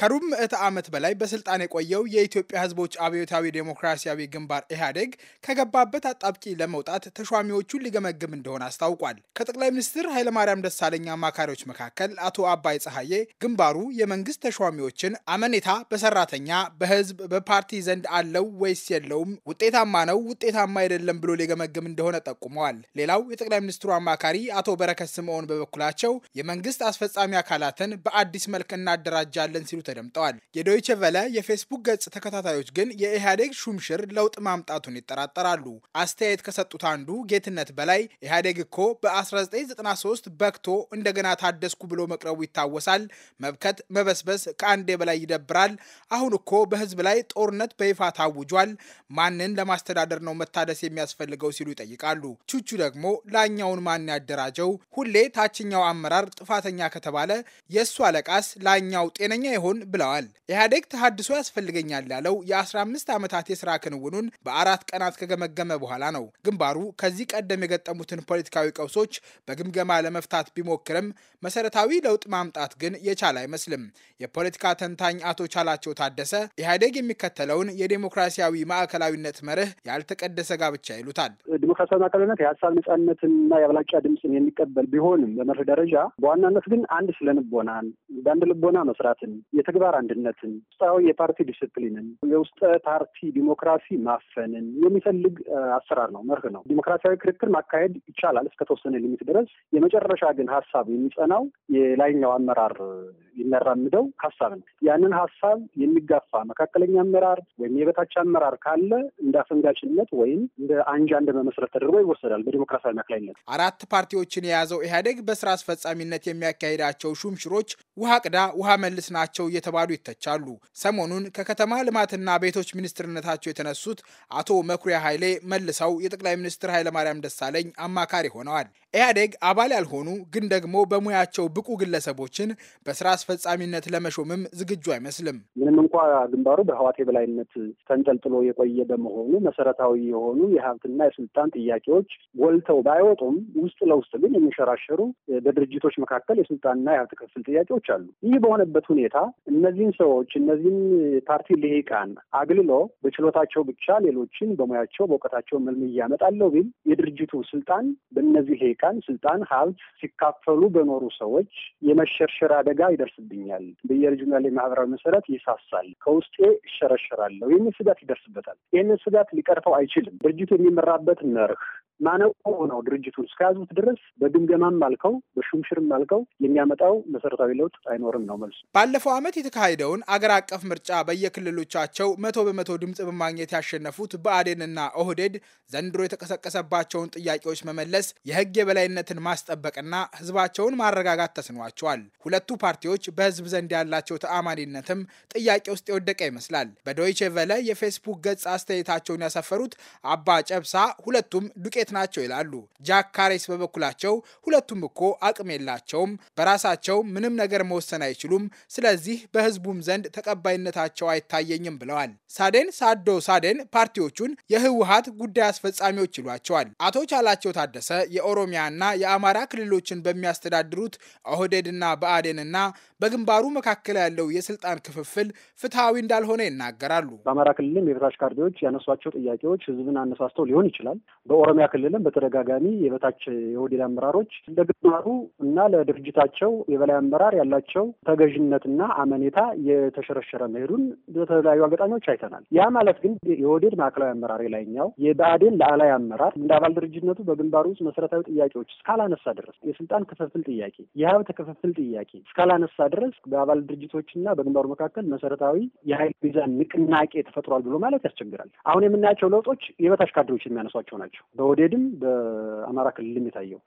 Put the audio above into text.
ከሩብ ምዕተ ዓመት በላይ በስልጣን የቆየው የኢትዮጵያ ሕዝቦች አብዮታዊ ዴሞክራሲያዊ ግንባር ኢህአዴግ ከገባበት አጣብቂ ለመውጣት ተሿሚዎቹን ሊገመግም እንደሆነ አስታውቋል። ከጠቅላይ ሚኒስትር ኃይለማርያም ደሳለኝ አማካሪዎች መካከል አቶ አባይ ፀሐዬ ግንባሩ የመንግስት ተሿሚዎችን አመኔታ በሰራተኛ በህዝብ፣ በፓርቲ ዘንድ አለው ወይስ የለውም፣ ውጤታማ ነው ውጤታማ አይደለም ብሎ ሊገመግም እንደሆነ ጠቁመዋል። ሌላው የጠቅላይ ሚኒስትሩ አማካሪ አቶ በረከት ስምዖን በበኩላቸው የመንግስት አስፈጻሚ አካላትን በአዲስ መልክ እናደራጃለን ሲሉ ተደምጠዋል። የዶይቼ ቨለ የፌስቡክ ገጽ ተከታታዮች ግን የኢህአዴግ ሹምሽር ለውጥ ማምጣቱን ይጠራጠራሉ። አስተያየት ከሰጡት አንዱ ጌትነት በላይ ኢህአዴግ እኮ በ1993 በክቶ እንደገና ታደስኩ ብሎ መቅረቡ ይታወሳል። መብከት መበስበስ ከአንዴ በላይ ይደብራል። አሁን እኮ በህዝብ ላይ ጦርነት በይፋ ታውጇል። ማንን ለማስተዳደር ነው መታደስ የሚያስፈልገው ሲሉ ይጠይቃሉ። ቹቹ ደግሞ ላኛውን ማን ያደራጀው? ሁሌ ታችኛው አመራር ጥፋተኛ ከተባለ የእሱ አለቃስ ላኛው ጤነኛ የሆኑ አሁን ብለዋል። ኢህአዴግ ተሃድሶ ያስፈልገኛል ያለው የ15 ዓመታት የስራ ክንውኑን በአራት ቀናት ከገመገመ በኋላ ነው። ግንባሩ ከዚህ ቀደም የገጠሙትን ፖለቲካዊ ቀውሶች በግምገማ ለመፍታት ቢሞክርም መሰረታዊ ለውጥ ማምጣት ግን የቻለ አይመስልም። የፖለቲካ ተንታኝ አቶ ቻላቸው ታደሰ ኢህአዴግ የሚከተለውን የዴሞክራሲያዊ ማዕከላዊነት መርህ ያልተቀደሰ ጋብቻ ይሉታል። ዴሞክራሲያዊ ማዕከላዊነት የሀሳብ ነጻነትንና የአብላጫ ድምፅን የሚቀበል ቢሆንም በመርህ ደረጃ በዋናነት ግን አንድ ስለንቦናን በአንድ ልቦና መስራትን የተግባር አንድነትን፣ ውስጣዊ የፓርቲ ዲስፕሊንን፣ የውስጠ ፓርቲ ዲሞክራሲ ማፈንን የሚፈልግ አሰራር ነው፣ መርህ ነው። ዲሞክራሲያዊ ክርክር ማካሄድ ይቻላል እስከተወሰነ ሊሚት ድረስ። የመጨረሻ ግን ሀሳብ የሚጸናው የላይኛው አመራር የሚያራምደው ሀሳብ ነው። ያንን ሀሳብ የሚጋፋ መካከለኛ አመራር ወይም የበታች አመራር ካለ እንደ አፈንጋጭነት ወይም እንደ አንጃ እንደ መመስረት ተደርጎ ይወሰዳል። በዲሞክራሲያዊ አራት ፓርቲዎችን የያዘው ኢህአዴግ በስራ አስፈጻሚነት የሚያካሂዳቸው ሹምሽሮች ውሃ ቅዳ ውሃ መልስ ናቸው እየተባሉ ይተቻሉ። ሰሞኑን ከከተማ ልማትና ቤቶች ሚኒስትርነታቸው የተነሱት አቶ መኩሪያ ኃይሌ መልሰው የጠቅላይ ሚኒስትር ኃይለማርያም ደሳለኝ አማካሪ ሆነዋል። ኢህአዴግ አባል ያልሆኑ ግን ደግሞ በሙያቸው ብቁ ግለሰቦችን በስራ አስፈጻሚነት ለመሾምም ዝግጁ አይመስልም። ምንም እንኳ ግንባሩ በህዋት የበላይነት ተንጠልጥሎ የቆየ በመሆኑ መሰረታዊ የሆኑ የሀብትና የስልጣን ጥያቄዎች ጎልተው ባይወጡም ውስጥ ለውስጥ ግን የሚሸራሸሩ በድርጅቶች መካከል የስልጣንና የሀብት ክፍል ጥያቄዎች ሰዎች አሉ። ይህ በሆነበት ሁኔታ እነዚህን ሰዎች እነዚህን ፓርቲ ልሂቃን አግልሎ በችሎታቸው ብቻ ሌሎችን በሙያቸው በእውቀታቸው መልም እያመጣለሁ ቢል የድርጅቱ ስልጣን በእነዚህ ልሂቃን ስልጣን፣ ሀብት ሲካፈሉ በኖሩ ሰዎች የመሸርሸር አደጋ ይደርስብኛል፣ በየልጅና ላይ ማህበራዊ መሰረት ይሳሳል፣ ከውስጤ እሸረሸራለሁ የሚል ስጋት ይደርስበታል። ይህንን ስጋት ሊቀርፈው አይችልም። ድርጅቱ የሚመራበት መርህ ማነቆ ሆነው ድርጅቱን እስከያዙት ድረስ በግምገማም አልከው በሹምሽርም አልከው የሚያመጣው መሰረታዊ ለውጥ ለውጥ አይኖርም ነው መልሱ። ባለፈው ዓመት የተካሄደውን አገር አቀፍ ምርጫ በየክልሎቻቸው መቶ በመቶ ድምፅ በማግኘት ያሸነፉት ብአዴንና ኦህዴድ ዘንድሮ የተቀሰቀሰባቸውን ጥያቄዎች መመለስ፣ የህግ የበላይነትን ማስጠበቅና ህዝባቸውን ማረጋጋት ተስኗቸዋል። ሁለቱ ፓርቲዎች በህዝብ ዘንድ ያላቸው ተአማኒነትም ጥያቄ ውስጥ የወደቀ ይመስላል። በዶይቼ ቨለ የፌስቡክ ገጽ አስተያየታቸውን ያሰፈሩት አባ ጨብሳ ሁለቱም ዱቄት ናቸው ይላሉ። ጃክ ካሬስ በበኩላቸው ሁለቱም እኮ አቅም የላቸውም፣ በራሳቸው ምንም ነገር መወሰን አይችሉም። ስለዚህ በህዝቡም ዘንድ ተቀባይነታቸው አይታየኝም ብለዋል። ሳዴን ሳዶ ሳዴን ፓርቲዎቹን የህወሀት ጉዳይ አስፈጻሚዎች ይሏቸዋል። አቶ ቻላቸው ታደሰ የኦሮሚያና የአማራ ክልሎችን በሚያስተዳድሩት ኦህዴድና ብአዴንና በግንባሩ መካከል ያለው የስልጣን ክፍፍል ፍትሐዊ እንዳልሆነ ይናገራሉ። በአማራ ክልልም የበታች ካድሬዎች ያነሷቸው ጥያቄዎች ህዝብን አነሳስተው ሊሆን ይችላል። በኦሮሚያ ክልልም በተደጋጋሚ የበታች የኦህዴድ አመራሮች ለግንባሩ እና ለድርጅታቸው የበላይ አመራር ያለ ያላቸው ተገዥነትና አመኔታ የተሸረሸረ መሄዱን በተለያዩ አጋጣሚዎች አይተናል። ያ ማለት ግን የወዴድ ማዕከላዊ አመራር የላይኛው የብአዴን ለአላይ አመራር እንደ አባል ድርጅነቱ በግንባሩ ውስጥ መሰረታዊ ጥያቄዎች እስካላነሳ ድረስ የስልጣን ክፍፍል ጥያቄ፣ የሀብት ክፍፍል ጥያቄ እስካላነሳ ድረስ በአባል ድርጅቶችና በግንባሩ መካከል መሰረታዊ የሀይል ሚዛን ንቅናቄ ተፈጥሯል ብሎ ማለት ያስቸግራል። አሁን የምናያቸው ለውጦች የበታች ካድሮች የሚያነሷቸው ናቸው። በወዴድም በአማራ ክልልም የታየው